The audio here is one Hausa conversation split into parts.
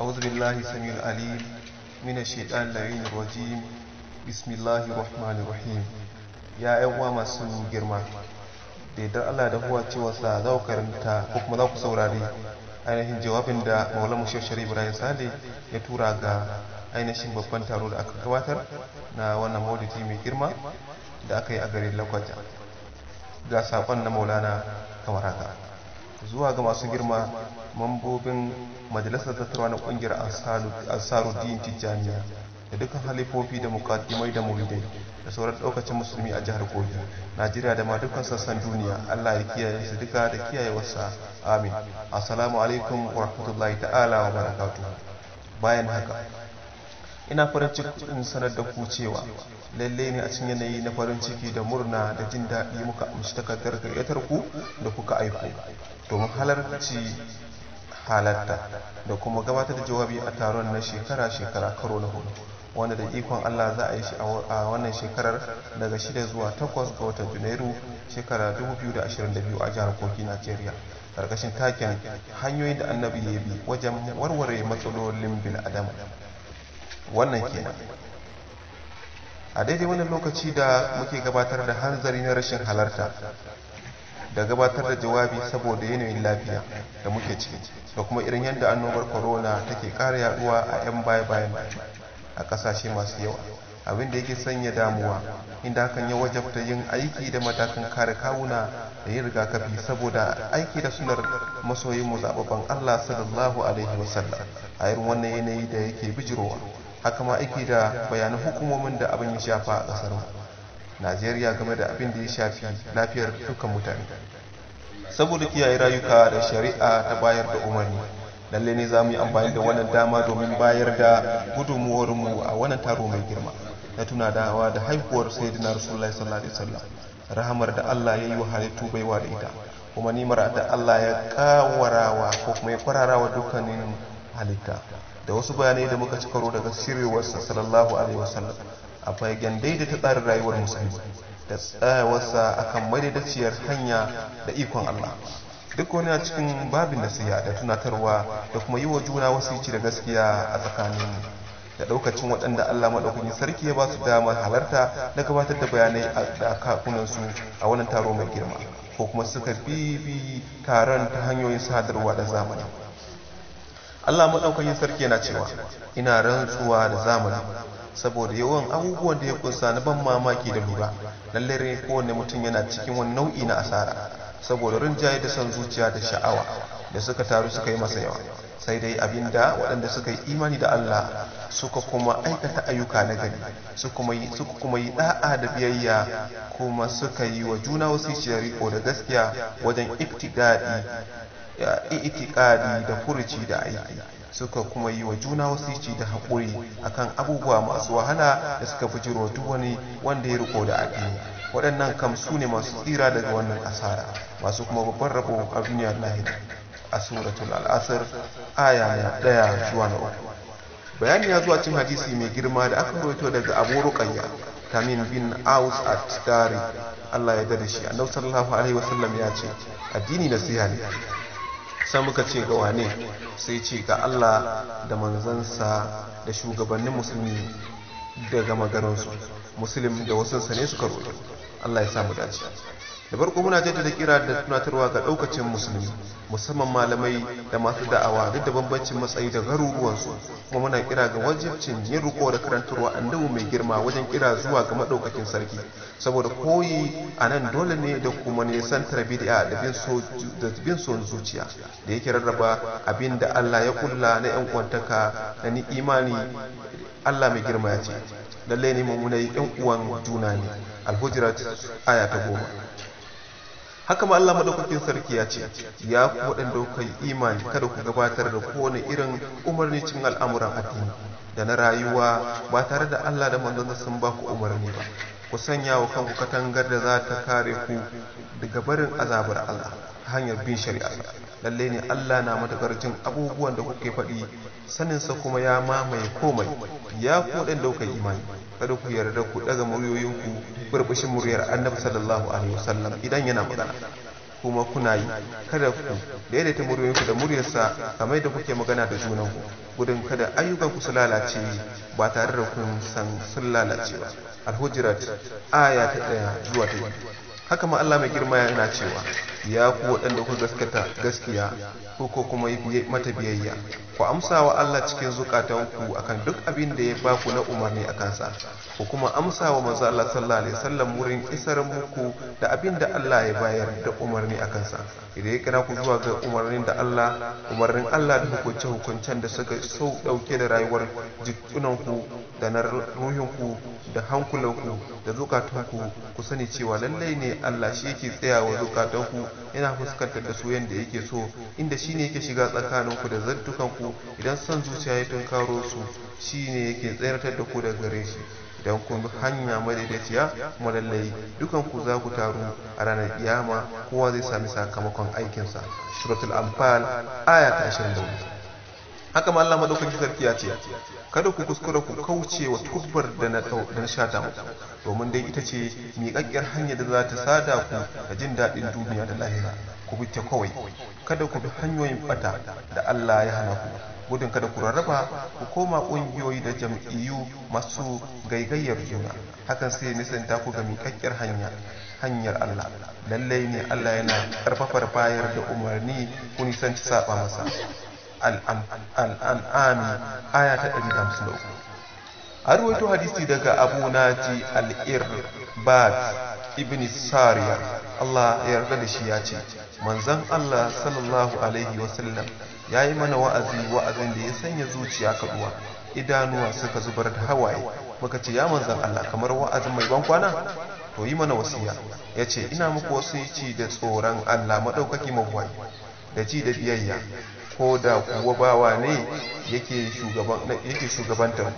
أعوذ بالله Ali, العليم من الشيطان اللعين الرجيم بسم الله الرحمن الرحيم يا أيها ما جرما da Allah da huwa cewa sa za ku karanta ko kuma za ku saurari ainihin jawabin da Maulana Mushir Sharif Ibrahim Sale ya tura ga ainihin babban taro da aka gabatar na wannan maulidi mai girma da aka yi a garin Lakwaja ga sakon na Maulana kamar haka zuwa ga masu girma mambobin majalisar tattara na kungiyar ansaruddin tijjaniya da dukkan halifofi da mukaddimai da muridai da sauran daukacin musulmi a jihar kogi najeriya da ma dukkan sassan duniya allah ya kiyaye su duka da kiyayewarsa amin assalamu alaikum wa rahmatullahi ta'ala wa barakatu bayan haka ina farin cikin sanar da ku cewa lalle ne a cikin yanayi na farin ciki da murna da jin daɗi muka amshi takardar gayyatar ku da kuka aiko domin halarci halarta da kuma gabatar da jawabi a taron na shekara-shekara karo na hudu wanda da ikon Allah za a yi shi a wannan shekarar daga 6 zuwa 8 ga watan Janairu shekara 2022 a jihar Kogi Najeriya karkashin taken hanyoyin da annabi ya bi wajen warware matsalolin bin adam wannan kenan a daidai wannan lokaci da muke gabatar da hanzari na rashin halarta da gabatar da jawabi saboda yanayin lafiya da muke ciki da kuma irin yadda annobar corona take ƙara yaduwa a 'yan baya-bayan a ƙasashe masu yawa abin da yake sanya damuwa inda hakan ya wajabta yin aiki da matakan kare kawuna da yin rigakafi saboda aiki da sunar masoyin mu zababban Allah sallallahu alaihi wasallam a irin wannan yanayi da yake bijirowa haka ma aiki da bayanan hukumomin da abin ya shafa a ƙasar mu najeriya game da abin da ya shafi lafiyar dukkan mutane saboda kiyaye rayuka da shari'a ta bayar da umarni lalle ne za mu yi amfani da wannan dama domin bayar da gudunmuwarmu a wannan taro mai girma na tuna da haihuwar sayyidina rasulullahi sallallahu alaihi wasallam rahamar da Allah ya yi wa halittu baiwa da ita kuma nimar da Allah ya kawarawa ko kuma ya kwararawa dukkanin halitta da wasu bayanai da muka ci karo daga sirriwarsa sallallahu alaihi wasallam a fagen daidaita tsarin rayuwar musulmi da tsayawarsa akan madadaciyar hanya da ikon Allah duk wani a cikin babin nasiya da tunatarwa da kuma yi wa juna wasu da gaskiya a tsakanin da daukacin waɗanda Allah maɗaukakin sarki ya ba su damar halarta na gabatar da bayanai a kakunansu a wannan taro mai girma ko kuma suka bibi taron ta hanyoyin sadarwa da zamani Allah maɗaukakin sarki yana cewa ina rantsuwa da zamani saboda yawan abubuwan da ya kunsa na ban mamaki da lura lallai rai kowane mutum yana cikin wani nau'i na asara saboda rinjaye da son zuciya da sha'awa da suka taru suka yi masa yawa sai dai abinda waɗanda suka yi imani da Allah suka kuma aikata ayyuka na gari suka kuma yi ɗa'a da biyayya kuma suka yi wa juna wasu riko da gaskiya wajen itikadi da furuci da aiki suka kuma yi wa juna wasici da haƙuri akan abubuwa masu wahala da suka fi jiro duk wani wanda ya riko da addini waɗannan kam su ne masu tsira daga wannan asara masu kuma babban rabo a duniyar lahira a suratul al'asar aya na ɗaya zuwa na uku bayani ya zuwa cin hadisi mai girma da aka rawaito daga abu ruƙayya tamim bin aus at-tari Allah ya dare shi annabi sallallahu alaihi wasallam ya ce addini nasiha ne sai muka ce ga wane sai ce ga Allah da manzansa da shugabannin musulmi daga magaransu musulmi da wasansa ne suka roƙi Allah ya samu dace da farko muna jaddada kira da tunatarwa ga daukacin musulmi musamman malamai da masu da'awa duk da bambancin matsayi da garuruwansu kuma muna kira ga wajibcin yin riko da karantarwa annabi mai girma wajen kira zuwa ga madaukakin sarki saboda koyi a nan dole ne da kuma nisan tarbiyya da bin so zuciya da yake rarraba abin da Allah ya kulla na yan kwantaka da ni imani Allah mai girma ya ce lallai ne munai yan uwan juna ne alhujirat aya ta goma haka ma Allah madaukakin sarki ya ce ya ku waɗanda kuka yi imani kada ku gabatar da kowane irin umarni cikin al'amuran addini da na rayuwa ba tare da Allah da manzon sun ba ku umarni ba ku sanya wa kanku katangar da za ta kare ku daga barin azabar Allah ta hanyar bin shari'a lalle ne Allah na matakar jin abubuwan da kuke faɗi saninsa kuma ya mamaye komai ya ku da kuka imani kada ku yarda ku daga muryoyinku burbushin muryar annabi sallallahu alaihi wasallam idan yana magana kuma kuna yi kada ku daidaita muryoyinku da muryarsa kamar da kuke magana da junan ku gudun kada ayyukanku su lalace ba tare da kun san sun lalace ba alhujirat aya ta ɗaya zuwa ta biyu haka ma Allah mai girma yana cewa ya ku waɗanda ku gaskata gaskiya ko kuma mata biyayya ku amsa wa Allah cikin zukatanku akan duk abin da ya baku na umarni a kansa ku kuma amsa wa manzo Allah sallallahu alaihi wasallam wurin isar muku da abin da Allah ya bayar da umarni a kansa idan ya kira ku zuwa ga umarnin da Allah umarnin Allah da hukunce hukuncen da suka sau ɗauke da rayuwar jikunanku da na ruhinku da hankulanku da zukatanku ku sani cewa lallai ne Allah shi yake tsayawa zukatanku yana fuskantar da su yanda yake so inda shine yake shiga tsakaninku da zartukanku idan son zuciya ya tunkaro su shi ne yake tsayartar da ku da gare shi idan kun hanya madaidaiciya kuma lallai dukan ku za ku taru a ranar kiyama kowa zai sami sakamakon aikinsa suratul anfal aya ta 24 haka ma Allah madaukaki sarki ya ce kada ku kuskura ku kauce wa tubbar da na da na shata muku domin dai ita ce miƙaƙƙiyar hanyar da za ta sada ku da jin daɗin duniya da lahira ku bi ta kawai kada ku bi hanyoyin bata da Allah ya hana ku gudun kada ku rarraba ku koma ƙungiyoyi da jam'iyyu masu gaigayyar juna hakan sai nisanta ku ga miƙaƙƙiyar hanya hanyar Allah lallai ne Allah yana karfafar bayar da umarni ku nisanci saba masa al'an'ami aya ta 153 a ruwaito hadisi daga abu naji al'ir ba ibn sariya Allah ya yarda da shi ya ce manzon Allah sallallahu alaihi wasallam ya yi mana wa'azi wa'azin da ya sanya zuciya kaduwa idanuwa suka zubar da hawaye muka ce ya Manzon Allah kamar wa'azin mai ban kwana to yi mana wasiya ya ce ina muku wasu ci da tsoron Allah maɗaukaki mabuwai da ji da biyayya ko da kuwa bawa ne yake shugabanta ku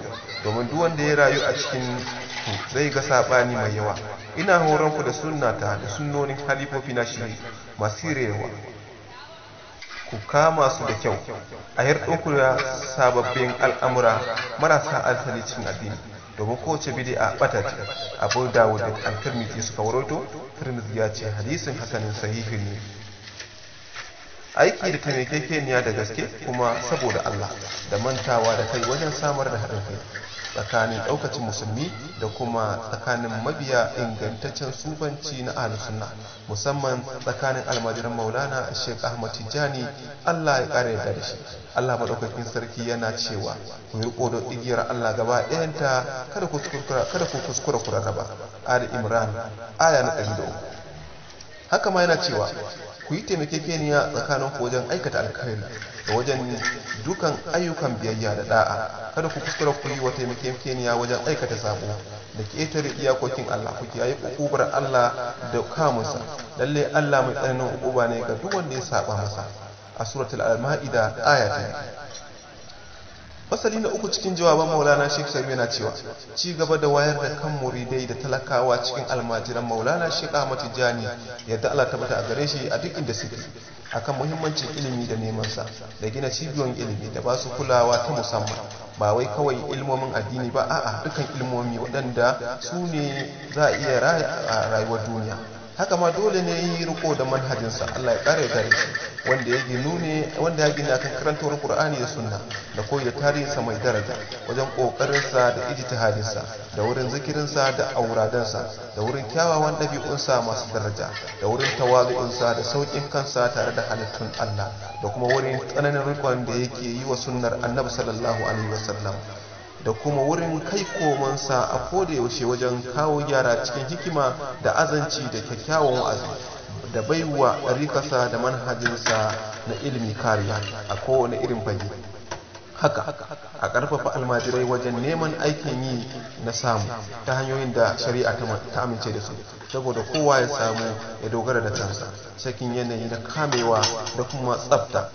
domin duk wanda ya rayu a cikin ku zai ga saɓani mai yawa ina horon ku da sunnata da sunnonin halifofi na shi masu rewa ku kama su da kyau a yarɗinku da sababbin al'amura marasa asali cikin addini domin kowace bid'a a ce abu dawo da al suka wuroto tirmidhi ya ce hadisin hasanin sahihi ne aiki da taimakekeniya da gaske kuma saboda Allah da mantawa da kai wajen samar da haɗin kai tsakanin ɗaukacin musulmi da kuma tsakanin mabiya ingantaccen sufanci na alisunna musamman tsakanin almajiran maulana sheikh ahmad tijjani allah ya ƙara yadda da shi allah maɗaukakin sarki yana cewa ku yi ƙodo igiyar allah gaba ɗayanta kada ku kuskura ku rarraba ali imran aya na ɗari da uku haka ma yana cewa ku yi taimakekeniya tsakanin ku wajen aikata alkhairi da wajen dukan ayyukan biyayya da da'a kada ku kuskura ku yi wa taimakekeniya wajen aikata sabo da ketare iyakokin Allah ku kiyaye kokobar Allah da kamunsa lalle Allah mai tsananin ukuba ne ga duk wanda ya saba masa a suratul al-ma'ida aya fasali na uku cikin jawaban maulana sheikh sabi yana cewa ci gaba da wayar da kan muridai da talakawa cikin almajiran maulana sheikh ahmad tijjani yadda allah bata a gare shi a duk inda suke akan muhimmancin ilimi da neman sa da gina cibiyoyin ilimi da ba su kulawa ta musamman ba wai kawai ilmomin addini ba a'a dukkan ilmomi waɗanda su ne za a iya rayuwar duniya haka ma dole ne yi riko da manhajinsa Allah ya kare gare shi wanda ya gina ne wanda ya gina kan karantar Qur'ani da Sunna da koyi tarihinsa mai daraja wajen kokarinsa da sa da wurin zikirinsa da auradansa da wurin kyawawan sa masu daraja da wurin sa da saukin kansa tare da halittun Allah da kuma wurin tsananin rikon da yake yi wa sunnar Annabi sallallahu alaihi wasallam da kuma wurin kai komansa a yaushe wajen kawo gyara cikin hikima da azanci da kyakkyawan wa'azi da baiwa ɗariƙasa da manhajinsa na ilimi kariya a kowane irin fage haka a ƙarfafa almajirai wajen neman aikin yi na samu ta hanyoyin da shari'a ta amince da su saboda kowa ya samu ya dogara da kansa cikin yanayi na kamewa da kuma tsabta.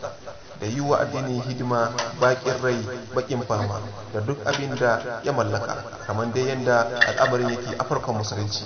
da yi wa addini hidima bakin rai bakin fama da duk abin da ya mallaka kamar dai yadda al'amarin yake a farkon musulunci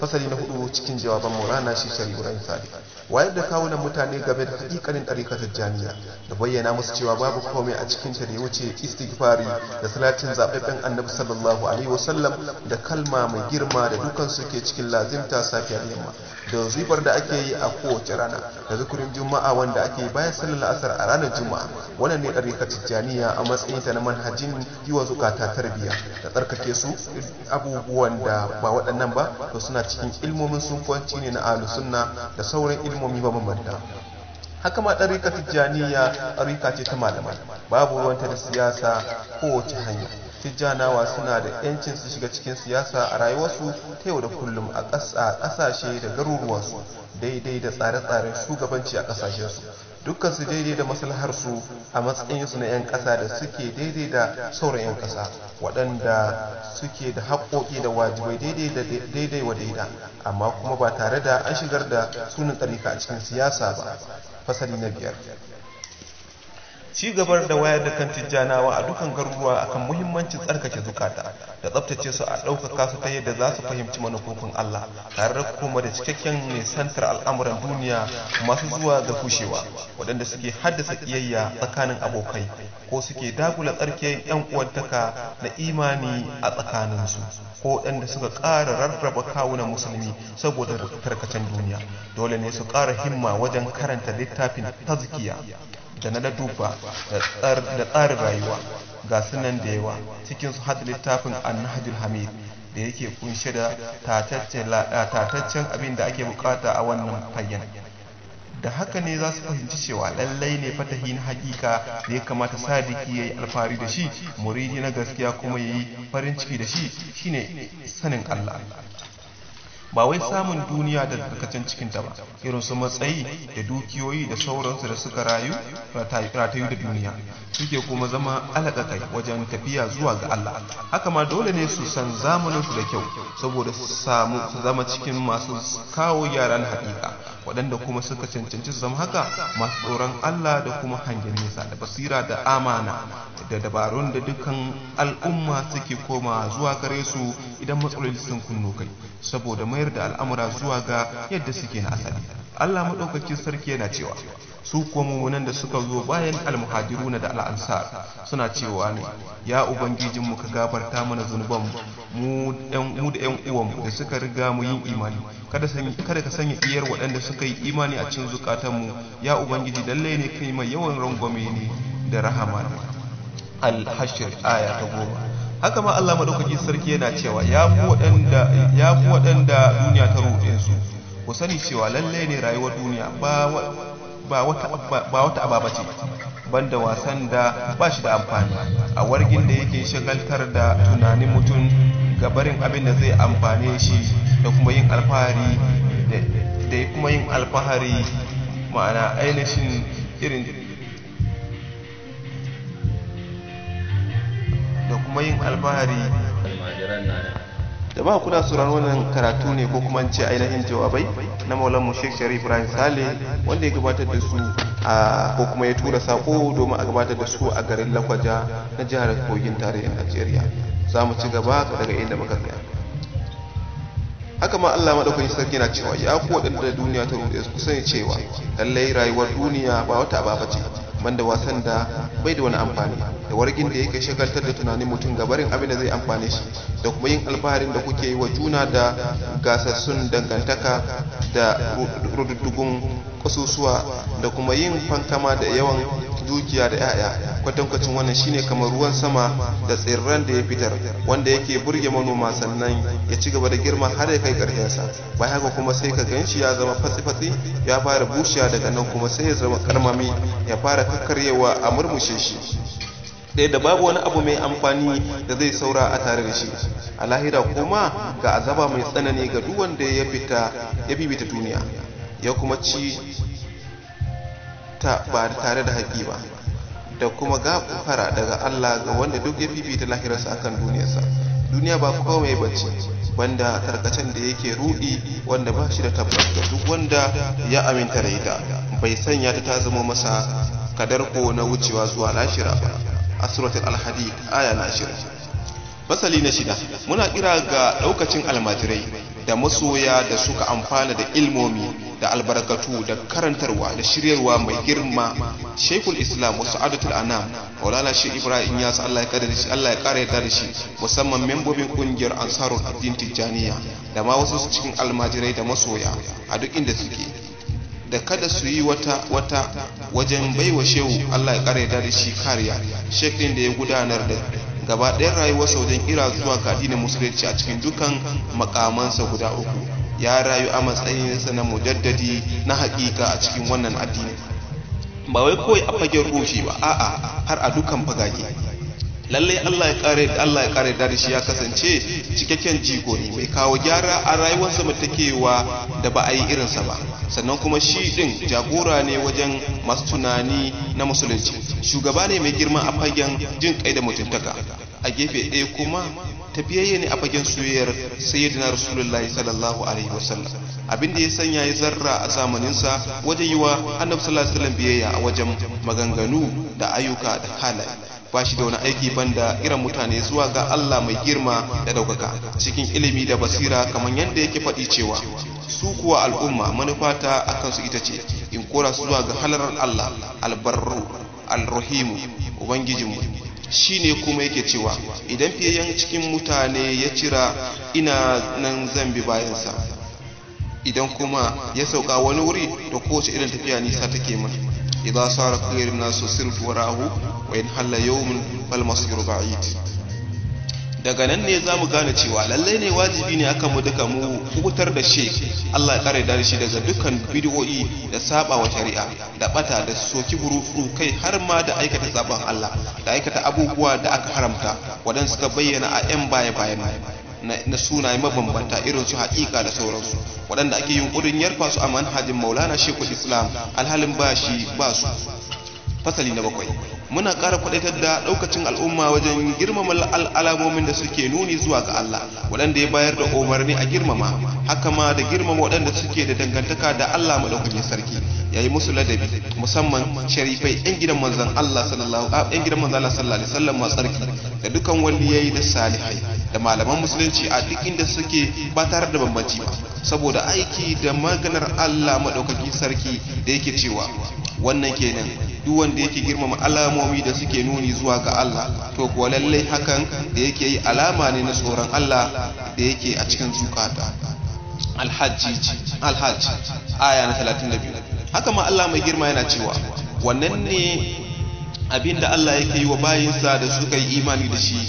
fasali na hudu cikin jawaban maulana shi shari ibrahim sadiq wayar da kawunan mutane game da hakikanin ɗarikar jami'a da bayyana musu cewa babu komai a cikin ta da ya wuce istighfari da salatin zaɓaɓɓen annabi sallallahu alaihi wasallam da kalma mai girma da dukansu ke cikin lazimta safiyar yamma da zubar da ake yi a kowace rana da zukurin juma'a wanda ake bayan sallar asar a ranar juma'a wannan ne ɗarika tijjaniya a matsayin ta na manhajin yi wa zukata tarbiyya da tsarkake su abubuwan da ba waɗannan ba to suna cikin ilmomin sunfanci ne na ahlus sunna da sauran ilmomi ba mabanta haka ma ɗarika tijjaniya ɗarika ce ta malamai babu ruwanta da siyasa kowace hanya tijjanawa suna da yancin su shiga cikin siyasa a rayuwarsu ta yau da kullum a ƙasashe da garuruwansu daidai da tsare-tsaren shugabanci a ƙasashensu dukkan su daidai da maslaharsu a matsayinsu na 'yan ƙasa da suke daidai da sauran 'yan ƙasa waɗanda suke da haƙoƙi da wajibai daidai wa daida amma kuma ba tare da an shigar da sunan tsarika a cikin siyasa ba fasali na biyar ci gabar da wayar da kan tijjanawa a dukkan garuruwa akan muhimmancin tsarkake zukata da tsabtace su a ɗaukaka su ta yadda za su fahimci manufofin Allah tare da kuma da cikakken nisantar al'amuran duniya masu zuwa ga kushewa waɗanda suke haddasa ƙiyayya tsakanin abokai ko suke dagula tsarke yan uwantaka na imani a tsakanin su ko waɗanda suka ƙara rarraba kawunan musulmi saboda tarkacen duniya dole ne su ƙara himma wajen karanta littafin tazkiya da na dubba da tsarin rayuwa ga sunan da yawa cikin su hada littafin annahajul hamid da yake kunshe da tataccen abin da ake bukata a wannan fayyan da haka ne za su fahimci cewa lallai ne fatahi na hakika da ya kamata sadiki ya yi alfahari da shi muridi na gaskiya kuma ya yi farin ciki da shi shine sanin allah ba wai samun duniya da karkacin cikinta ba irin su matsayi da dukiyoyi da sauransu da suka rayu ratayu da duniya suke kuma zama alaƙaƙai wajen tafiya zuwa ga Allah haka ma dole ne su san zamaninsu da kyau saboda su samu su zama cikin masu kawo yaran haƙiƙa waɗanda kuma suka cancanci su zama haka masu tsoron Allah da kuma hangen nesa da basira da amana da dabarun da dukkan al'umma suke koma zuwa gare su idan matsaloli sun kunno kai saboda mayar da al'amura zuwa ga yadda suke na asali Allah maɗaukakin sarki yana cewa su kuwa mummunan da suka zo bayan almuhajiruna da al'ansar suna cewa ne ya ubangijin mu ka gafarta mana zunuban mu da 'yan uwanmu da suka riga mu yin imani kada ka sanya iyar waɗanda suka yi imani a cikin zukatanmu ya ubangiji lallai ne kai mai yawan rangwame ne da rahama ne al-hashr aya ta goma haka ma Allah madaukaki sarki yana cewa ya fi waɗanda ya fi waɗanda duniya ta rufe su ku sani cewa lallai ne rayuwar duniya ba wata ba wata ababa ce banda wasan da ba shi da amfani a wargin da yake shagaltar da tunanin mutum ga barin abin da zai amfane shi da kuma yin alfahari da kuma yin alfahari ma'ana ainihin irin da kuma yin alfahari da ba kuna sauraron wannan karatu ne ko kuma ce ainihin jawabai na maulanmu sheikh sharif ibrahim sale wanda ya gabatar da su a ko kuma ya tura sako domin a gabatar da su a garin lakwaja na jihar kogin tarayyar najeriya za mu ci gaba daga inda muka tsaya haka ma Allah madaukakin sarki na cewa ya ku da duniya ta rufe su sani cewa lallai rayuwar duniya ba wata ababa ce banda wasan da bai da wani amfani da wargin da yake shagaltar da tunanin mutum gabarin abin da zai amfane shi da kuma yin alfaharin da kuke yi wa juna da gasassun dangantaka da rududdugun kasusuwa da kuma yin fankama da yawan dukiya da 'ya'ya kwatankwacin wannan shine kamar ruwan sama da tsirran da ya fitar wanda yake burge manoma sannan ya ci gaba da girma har ya kai ƙarshensa bayan haka kuma sai ka ganshi ya zama fatsi ya fara bushiya daga nan kuma sai ya zama karmami ya fara kakkaryewa a murmushe shi ɗaya da babu wani abu mai amfani da zai saura a tare da shi a lahira kuma ga azaba mai tsanani ga duk wanda ya fita ya bibita duniya ya kuma ci ba tare da haƙi ba da kuma gafara daga Allah ga wanda duk ya fifita lahirarsa akan duniyarsa duniya ba ba ce wanda tarkacen da yake ruɗi wanda ba shi da tabbas ga duk wanda ya aminta da ita bai sanya ta ta zama masa ko na wucewa zuwa lashira ba a suratul alhadi aya na shida na shida muna kira ga daukacin almajirai da masoya da suka amfana da ilmomi da albarkatu da karantarwa da shiryarwa mai girma shaikul islam wasu adatul anam maulana shi ibrahim ya sa allah ya kada shi allah ya kara yadda da shi musamman membobin kungiyar ansarun addin tijjaniya da ma wasu cikin almajirai da masoya a duk inda suke da kada su yi wata wata wajen baiwa shehu allah ya kara yadda da shi kariya shek da ya gudanar da gaba ɗayan rayuwarsa wajen ira zuwa ga addinin musulunci a cikin dukkan makamansa guda uku ya rayu a matsayinsa na mujaddadi na haƙiƙa a cikin wannan addini ba wai kawai a fagen rushi ba a'a har a dukan fagage lallai Allah ya kare Allah ya kare da shi ya kasance cikakken jiko ne mai kawo gyara a rayuwar matakewa da ba a yi irinsa ba sannan kuma shi din jagora ne wajen masu tunani na musulunci shugaba ne mai girma a fagen jin kai da mutuntaka a gefe ɗaya kuma tafiyayye ne a fagen soyayyar sayyidina rasulullahi sallallahu alaihi wasallam abin da ya sanya ya zarra a zamaninsa wajen yi wa annabi sallallahu alaihi wasallam biyayya a wajen maganganu da ayyuka da halaye ba shi da wani aiki banda irin mutane zuwa ga Allah mai girma da ɗaukaka cikin ilimi da basira kamar yadda yake faɗi cewa su kuwa al'umma manufata a kansu ita ce in kora zuwa ga halarar Allah albarru alrahimu ubangijinmu Shi ne kuma yake cewa idan fiyayyen cikin mutane ya cira ina nan zan bi bayansa idan kuma ya sauka wani wuri da kowace irin tafiya nisa take mun Idan sara khairin nasu sirtu warahu wa in halla yawmin fal masiru ba'id daga nan ne za mu gane cewa lallai ne wajibi ne aka mu duka mu hutar da shi Allah ya kare da shi daga dukkan bidiyoyi da saba wa shari'a da bata da soki hurufu kai har ma da aikata saban Allah da aikata abubuwa da aka haramta wadanda suka bayyana a 'yan baya bayan na sunaye mabambanta irin su haƙiƙa da sauransu waɗanda ake yunƙurin yarfa su a manhajin maulana shekul islam alhalin bashi shi ba su fasali na bakwai muna ƙara kwadaitar da ɗaukacin al'umma wajen girmama al'alamomin da suke nuni zuwa ga Allah waɗanda ya bayar da umarni a girmama haka ma da girmama waɗanda suke da dangantaka da Allah madaukakin sarki yayi musu ladabi musamman sharifai yan gidan manzon Allah sallallahu alaihi gidan manzon Allah sallallahu alaihi wasallam ma tsarki da dukan wanda yayi da salihai da malaman musulunci a duk inda suke ba tare da bambanci ba saboda aiki da maganar Allah madaukakin sarki da yake cewa wannan kenan duk wanda yake girmama alamomi da suke nuni zuwa ga Allah to kuwa lallai hakan da yake yi alama ne na tsoron Allah da yake a cikin zukata alhaji alhaji aya na 32 haka ma Allah mai girma yana cewa wannan ne abin da Allah yake yi wa bayinsa da suka yi imani da shi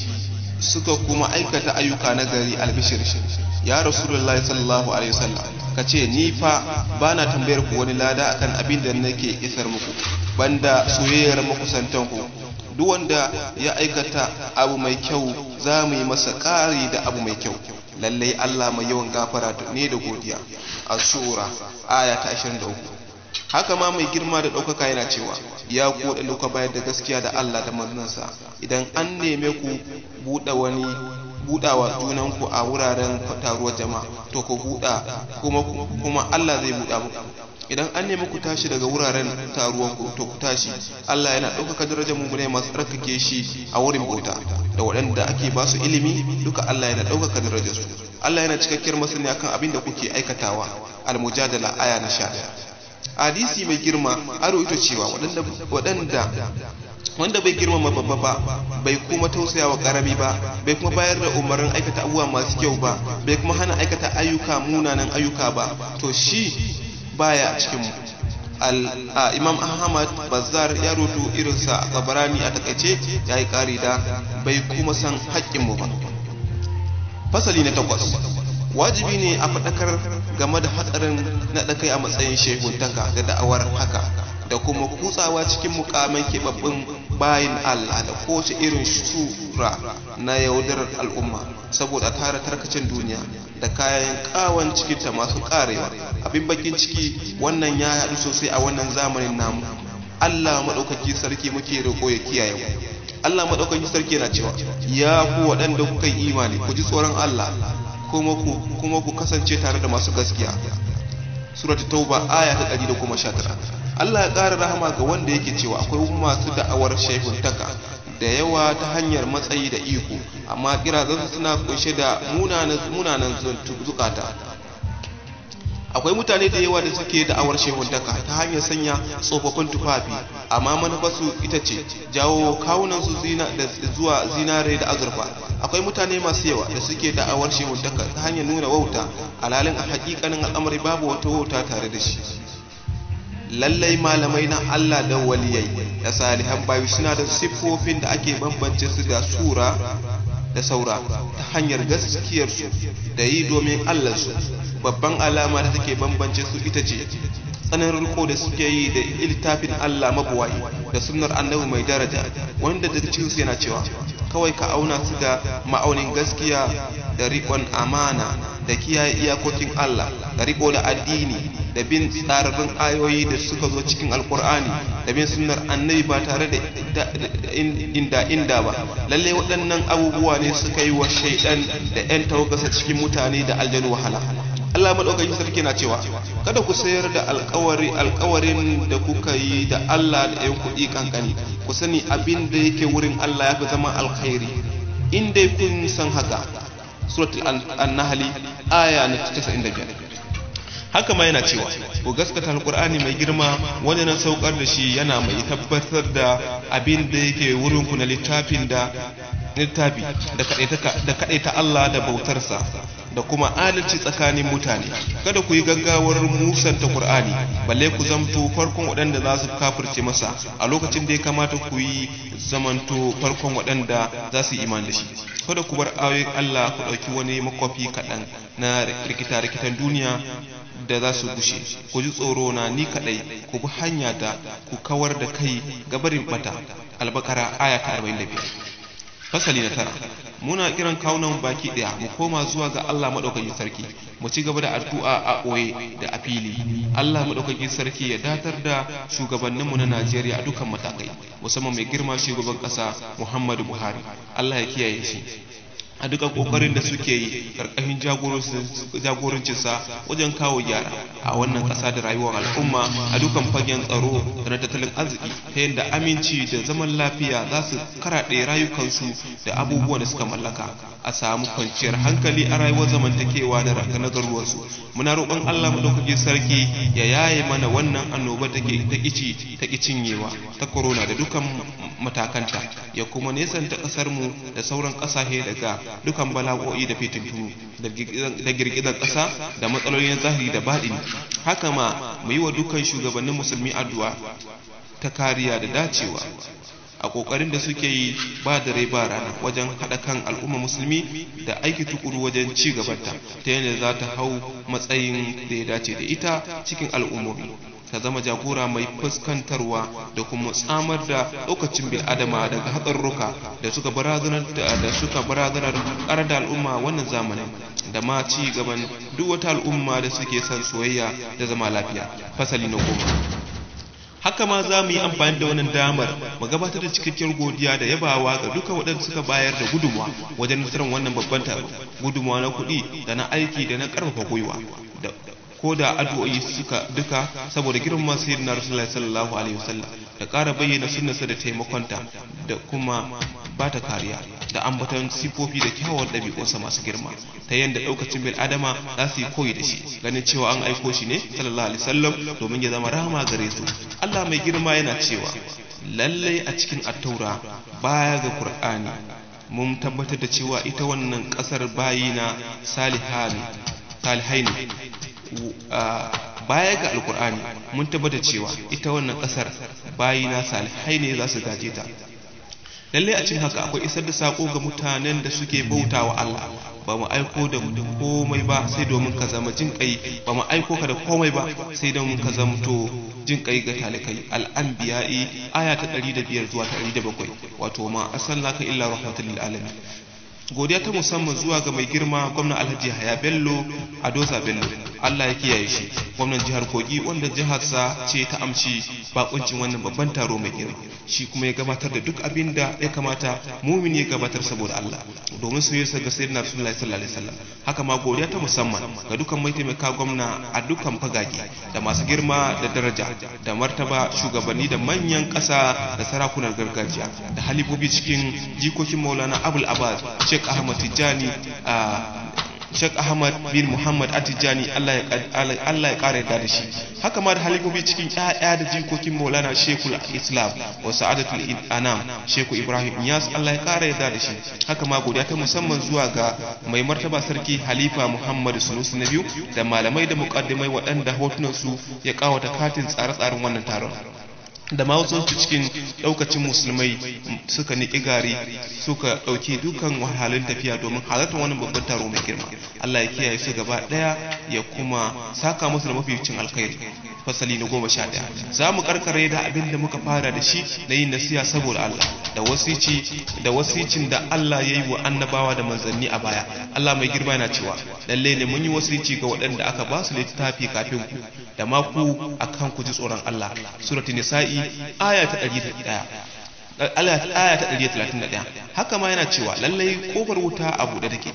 suka kuma aikata ayyuka na gari albishir ya rasulullahi sallallahu alaihi wasallam ka ce ni fa ba na tambayar ku wani lada akan abin da nake isar muku banda soyayyar makusantan ku duk wanda ya aikata abu mai kyau za mu yi masa ƙari da abu mai kyau lallai Allah mai yawan gafara ne da godiya a sura aya ta 23 haka ma mai girma da ɗaukaka yana cewa ya ku ɗaluka bayar da gaskiya da Allah da manzansa idan an neme ku buɗe wani budawa junan ku a wuraren taruwar jama'a to ku buda kuma kuma Allah zai buda muku idan an nemi ku tashi daga wuraren taruwar ku to ku tashi Allah yana ɗaukaka darajar mummune masu tsarkake shi a wurin bauta da waɗanda ake ba su ilimi duka Allah yana ɗaukaka darajar su Allah yana cikakkiyar masaniya akan abin da kuke aikatawa al-mujadala aya na 11 hadisi mai girma aro ita cewa waɗanda wanda bai girmama babba ba bai kuma tausayawa karami ba bai kuma bayar da umarnin aikata abubuwa masu kyau ba bai kuma hana aikata ayyuka munanan ayyuka ba to shi baya a cikin mu imam ahmad bazar ya rutu irinsa a tabarani a takaice ya yi kari da bai kuma san haƙƙinmu ba fasali na takwas wajibi ne a faɗakar game da hatsarin naɗa kai a matsayin shehuntaka da da'awar haka da kuma kutsawa cikin mukamin keɓaɓɓun bayin Allah da kowace irin sura na yaudarar al'umma saboda tara tarkacin duniya da kayan kawan cikinta masu karewa abin bakin ciki wannan ya haɗu sosai a wannan zamanin namu Allah maɗaukaki sarki muke roƙo ya kiyaye mu Allah maɗaukaki sarki yana cewa ya ku waɗanda kuka yi imani ku ji tsoron Allah kuma ku kasance tare da masu gaskiya suratul tauba aya ta 119 Allah ya ƙara rahama ga wanda yake cewa akwai masu da'awar shehuntaka da yawa ta hanyar matsayi da iko amma kirazansu suna kunshe da munanan zukata akwai mutane da yawa da suke da'awar shehuntaka ta hanyar sanya tsofaffin tufafi amma manufarsu ita ce jawo kawunansu zuwa zinare da azurfa akwai mutane masu yawa da suke da'awar shehuntaka ta hanyar nuna wauta alalin a hakikanin al'amari babu wata wauta tare da shi lallai malamai na Allah da waliyai da salihan bayu suna da siffofin da ake bambance su da sura da saura ta hanyar gaskiyarsu da yi domin su babban alama da take bambance su ita ce tsananin riko da suke yi da littafin Allah mabuwai da sunnar annabi mai daraja wanda da cikin yana cewa kawai ka auna su da ma'aunin gaskiya da riƙon amana da kiyaye iyakokin Allah da riƙo da addini da bin tsararrun ayoyi da suka zo cikin alkur'ani da bin sunnar annabi ba tare da inda inda ba lalle waɗannan abubuwa ne suka yi wa shaidan da 'yan tawagasa cikin mutane da aljanu wahala Allah madaukakin sarki na cewa kada ku sayar da alkawari alkawarin da kuka yi da Allah da ɗayan kuɗi kankani ku sani abin da yake wurin Allah ya fi zama alkhairi in dai kun san haka suratul an aya na 95 haka ma yana cewa ku gaskata alkur'ani mai girma wani na saukar da shi yana mai tabbatar da abin da yake wurin ku na littafin da littafi da kadaita Allah da bautarsa da kuma adalci tsakanin mutane kada ku yi gaggawar musanta qur'ani balle ku zamto farkon waɗanda za su kafirce masa a lokacin da ya kamata ku yi zamanto farkon waɗanda za su yi imani da shi kada ku bar ayoyin Allah ku ɗauki wani makwafi kaɗan na rikita-rikitan duniya da za su gushe ku ji tsoro na ni kaɗai ku bi hanya da ku kawar da kai gabarin bata albakara aya ta 45 fasali na tara muna kiran kawunan baki daya mu koma zuwa ga Allah madaukakin sarki mu ci gaba da addu'a a koye da a fili Allah madaukakin sarki ya datar da shugabanninmu na Najeriya a dukkan matakai musamman mai girma shugaban ƙasa Muhammadu Buhari Allah ya kiyaye shi a duka kokarin da suke yi karkashin jagorancinsa wajen kawo gyara a wannan ƙasa da rayuwar al'umma a dukan fagen tsaro da na tattalin arziki ta yadda aminci da zaman lafiya za su karaɗe rayukansu da abubuwan da suka mallaka a samu kwanciyar hankali a rayuwar zamantakewa da na garuwarsu muna roƙon allah maɗaukaki sarki ya yaye mana wannan annoba ta ƙici ta cinyewa ta korona da dukan matakanta ya kuma nesanta ƙasarmu da sauran ƙasashe daga dukan bala'o'i da fitintu da girgizar ƙasa da matsalolin zahiri da baɗini haka ma mu yi wa dukan shugabannin musulmi addu'a ta kariya da dacewa a kokarin da suke yi ba rai ba rana wajen haɗa kan al'umma musulmi da aiki tukuru wajen ci gabanta ta yadda za ta hau matsayin da ya dace da ita cikin al'ummomi ta zama jagora mai fuskantarwa da kuma tsamar da lokacin bil adama daga hatsarruka da suka barazanar da suka barazanar kar da al'umma wannan zamanin da ma ci gaban duk wata al'umma da suke son soyayya da zama lafiya fasali na goma haka ma za mu yi amfani da wannan damar mu gabatar da cikakkiyar godiya da yabawa ga duka waɗanda suka bayar da gudunmawa wajen nasarar wannan babban taro gudunmawa na kuɗi da na aiki da na ƙarfafa gwiwa ko da addu'o'i suka duka saboda girman na rasulullahi sallallahu alaihi wasallam da ƙara bayyana sunnarsa da taimakonta da kuma ba ta kariya da ambaton sifofi da kyawawan ɗabi'unsa masu girma ta yadda ɗaukacin bil adama za su yi koyi da shi ganin cewa an aiko shi ne sallallahu alaihi wasallam domin ya zama rahama gare su Allah mai girma yana cewa lallai a cikin attaura baya ga qur'ani mun tabbatar da cewa ita wannan ƙasar bayina salihani salihai ne baya ga alkur'ani mun tabbata cewa ita wannan kasar bayina salihai ne za su gaje ta lalle a cikin haka akwai isar da sako ga mutanen da suke bauta wa Allah ba mu aiko da komai ba sai domin ka zama jin kai ba mu aiko ka da komai ba sai domin ka zamto jin kai ga talikai al'anbiya'i aya ta 105 zuwa 107 wato ma asallaka illa rahmatul lil alamin godiya ta musamman zuwa ga mai girma gwamnan alhaji haya bello a bello allah ya kiyaye shi gwamnan jihar kogi wanda jiharsa ce ta amshi bakuncin wannan babban taro mai girma shi kuma ya gabatar da duk abin da ya kamata mumin ya gabatar saboda allah domin su yi ga sayyidina rasulullahi sallallahu alaihi wasallam haka ma godiya ta musamman ga dukkan mai taimaka gwamna a dukkan fagage da masu girma da daraja da martaba shugabanni da manyan ƙasa da sarakunan gargajiya da halibobi cikin jikokin maulana abul abbas Sheikh Ahmad Tijani a Sheikh Ahmad bin Muhammad Atijani Allah ya da shi haka ma da halifofi cikin ƴaƴa da jikokin Maulana Sheikhul Islam wa Sa'adatul Anam Sheikh Ibrahim Iyas Allah ya kare da shi haka ma godiya ta musamman zuwa ga mai martaba sarki Halifa Muhammad Sulusi na biyu da malamai da muqaddimai waɗanda hotunan su ya kawata katin tsare-tsaren wannan taron da ma cikin daukacin musulmai suka niƙi gari suka ɗauki dukan wahalhalun tafiya domin halartar wani babban taro mai girma Allah ya kiyaye su gaba ɗaya ya kuma saka musu da mafificin alkhairi fasali na goma sha ɗaya za mu karkare da abin da muka fara da shi na yin nasiya saboda Allah da wasici da wasicin da Allah ya yi wa annabawa da manzanni a baya Allah mai girma yana cewa lalle ne mun yi wasici ga waɗanda aka ba su littafi kafin ku da ma ku akan ku ji tsoron Allah suratul nisa'i aya ta ɗari ɗaya aya ta ɗaya, haka ma yana cewa lallai kofar wuta a buɗe take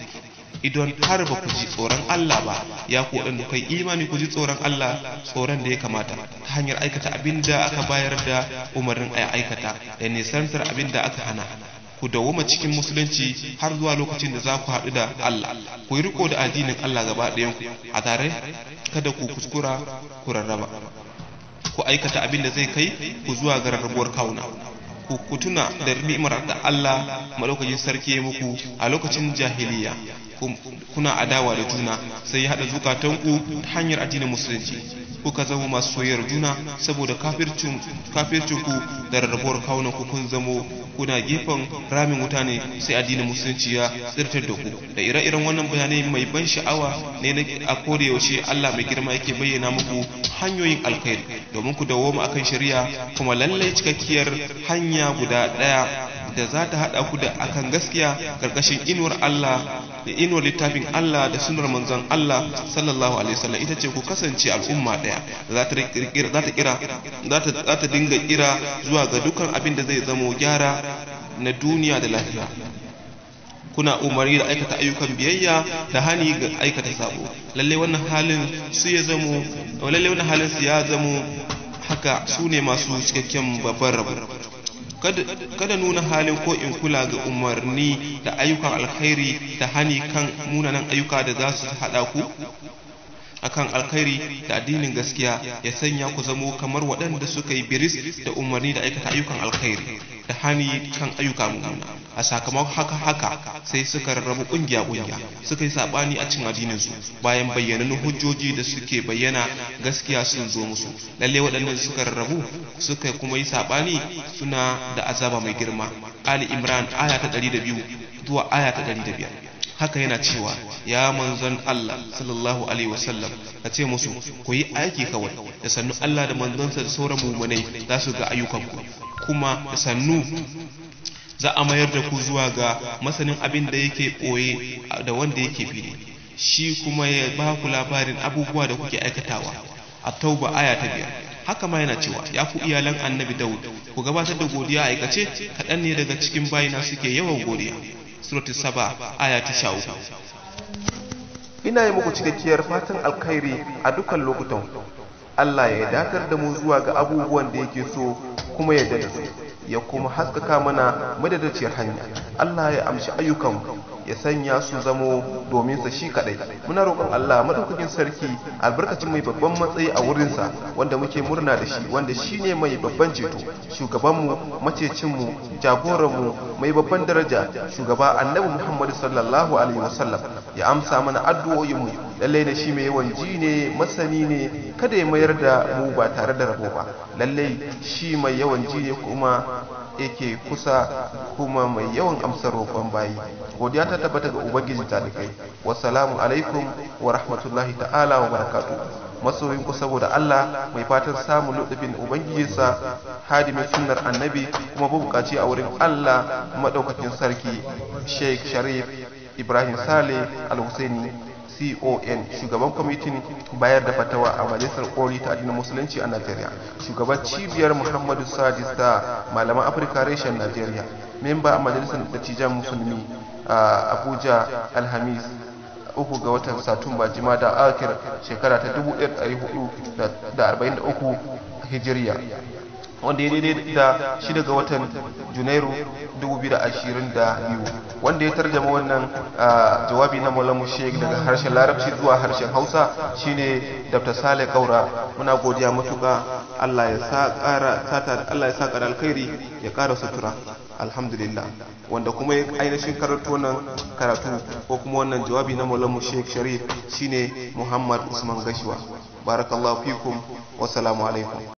idan har ba ku ji tsoron Allah ba ya ku waɗanda kai imani ku ji tsoron Allah tsoron da ya kamata ta hanyar aikata abin da aka bayar da umarnin a aikata da nisantar abin da aka hana ku dawoma cikin musulunci har zuwa lokacin da za ku haɗu da Allah ku yi riko da addinin Allah gaba ɗayanku a tare kada ku kuskura ku rarraba ku aikata abin da zai kai ku zuwa ga rarrabuwar kauna ku tuna da ni'imar da Allah madaukakin sarki ya muku a lokacin jahiliya kuna adawa da juna sai ya haɗa zukatanku ta hanyar addinin musulunci kuka zama masu soyayyar juna saboda kafircin ku da rarrabuwar kawunan ku kun zamo kuna gefen ramin wuta ne sai addinin musulunci ya tsirtar da ku da ire-iren wannan bayanai mai ban sha'awa ne a yaushe Allah mai girma yake bayyana muku hanyoyin alkhairi domin ku dawo mu akan shari'a kuma lallai cikakkiyar hanya guda ɗaya da za ta haɗa ku da akan gaskiya ƙarƙashin inuwar Allah da inuwar littafin Allah da sunar manzon Allah sallallahu alaihi wasallam ita ce ku kasance al'umma ɗaya za ta kira za ta dinga kira zuwa ga dukan abin da zai zamo gyara na duniya da lafiya kuna umarni da aikata ayyukan biyayya da hani ga aikata sabo lalle wannan halin su ya zamo lalle wannan halin su ya zamo haka su ne masu cikakken babban rabo kada nuna halin ko in kula ga umarni da ayyukan alkhairi da hani kan munanan ayyuka da za su haɗa ku akan alkhairi da addinin gaskiya ya sanya ku zamo kamar waɗanda suka yi biris da umarni da aikata ayyukan alkhairi da hani kan ayyuka munana a sakamakon haka haka sai suka rarrabu kungiya kungiya suka yi sabani a cikin addinin su bayan na hujjoji da suke bayyana gaskiya sun zo musu lalle waɗannan suka rarrabu suka kuma yi sabani suna da azaba mai girma ali imran aya ta 102 zuwa aya ta 105 haka yana cewa ya manzon Allah sallallahu alaihi wasallam ka ce musu ku yi aiki kawai da sannu Allah da manzonsa da sauran mumunai za su ga ayyukanku kuma da sannu za a mayar da ku zuwa ga masanin abin da yake ɓoye da wanda yake fili shi kuma ya ba ku labarin abubuwa da kuke aikatawa a tauba aya ta biyar haka ma yana cewa ya ku iyalan annabi daud ku gabatar da godiya aikace kaɗan ne daga cikin bayina suke yawan godiya surati saba aya ta sha uku ina yi muku cikakkiyar fatan alkhairi a dukkan lokutan allah ya dakar da mu zuwa ga abubuwan da yake so kuma ya su ya kuma haskaka mana madadaciyar hanya Allah ya amshi ayyukanmu. ya sanya su zamo domin sa shi kadai muna roƙon Allah madaukakin sarki albarkacin mai babban matsayi a wurinsa wanda muke murna da shi wanda shi ne mai babban ceto shugabanmu macecinmu jagoranmu mai babban daraja shugaba annabi Muhammad sallallahu alaihi wasallam ya amsa mana addu'o'inmu lallai da shi mai yawan ji ne masani ne kada ya mayar da mu ba tare da rabo ba lallai shi mai yawan ji ne kuma yake kusa kuma mai yawan amsar roƙon bayi godiya ta tabbata ga ubangiji talibai wasalamu alaikum wa rahmatullahi ta'ala wa barakatu masoyin ku saboda Allah mai fatan samun lutsufin ubangijinsa mai sunnar annabi kuma bukaci a wurin Allah madaukakin sarki Sheikh Sharif Ibrahim Saleh Al-Husaini con shugaban kwamitin bayar da fatawa a majalisar kori ta addinin musulunci a najeriya shugaban cibiyar muhammadu sadis ta malaman afirka reshen najeriya memba a majalisar dattijan musulmi a abuja alhamis uku ga watan satumba da akir shekara ta 1443 hijiriya wanda ya daidai da shi daga watan junairu 2022 wanda ya tarjama wannan jawabi na malamu sheik daga harshen larabci zuwa harshen hausa shine dr sale kaura muna godiya matuka allah ya sa kara sata allah ya sa kara alkhairi ya kara sutura alhamdulillah wanda kuma ya ainihin karatu wannan karatu ko kuma wannan jawabi na malamu sheik sharif shine muhammad usman gashiwa barakallahu fikum wassalamu alaikum